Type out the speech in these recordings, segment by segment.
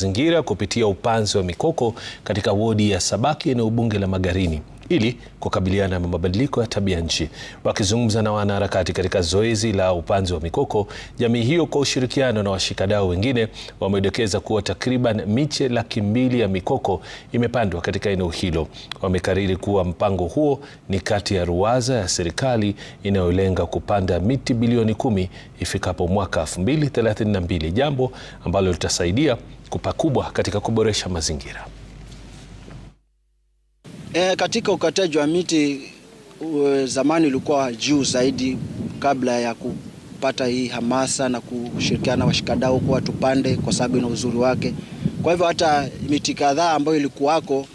Mazingira kupitia upanzi wa mikoko katika wodi ya Sabaki eneo bunge la Magarini ili kukabiliana na mabadiliko ya tabia nchi. Wakizungumza na wanaharakati katika zoezi la upanzi wa mikoko, jamii hiyo kwa ushirikiano na washikadau wengine wamedokeza kuwa takriban miche laki mbili ya mikoko imepandwa katika eneo hilo. Wamekariri kuwa mpango huo ni kati ya ruwaza ya serikali inayolenga kupanda miti bilioni kumi ifikapo mwaka 2032, jambo ambalo litasaidia kupakubwa katika kuboresha mazingira. E, katika ukataji wa miti e, zamani ilikuwa juu zaidi kabla ya kupata hii hamasa na kushirikiana na washikadau kuwa tupande, kwa sababu ina uzuri wake. Kwa hivyo hata miti kadhaa ambayo ilikuwako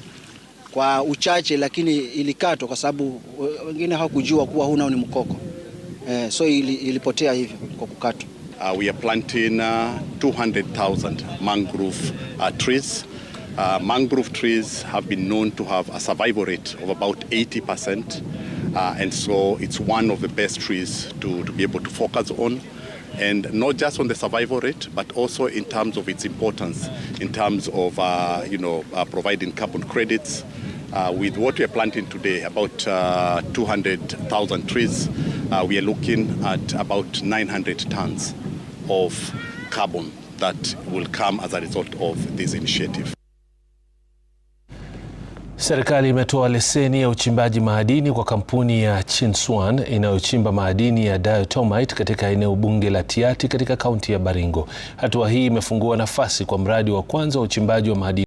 kwa uchache, lakini ilikatwa kwa sababu eh, wengine hawakujua kuwa huu nao ni mkoko e, so ilipotea hivyo kwa kukatwa. Uh, we are planting uh, 200,000 mangrove uh, trees Uh, mangrove trees have been known to have a survival rate of about 80%, uh, and so it's one of the best trees to, to be able to focus on. And not just on the survival rate, but also in terms of its importance, in terms of uh, you know uh, providing carbon credits. Uh, with what we are planting today, about uh, 200,000 trees, we are looking at about 900 tons of carbon that will come as a result of this initiative. Serikali imetoa leseni ya uchimbaji madini kwa kampuni ya Chinswan inayochimba madini ya diatomite katika eneo bunge la Tiaty katika kaunti ya Baringo. Hatua hii imefungua nafasi kwa mradi wa kwanza wa uchimbaji wa madini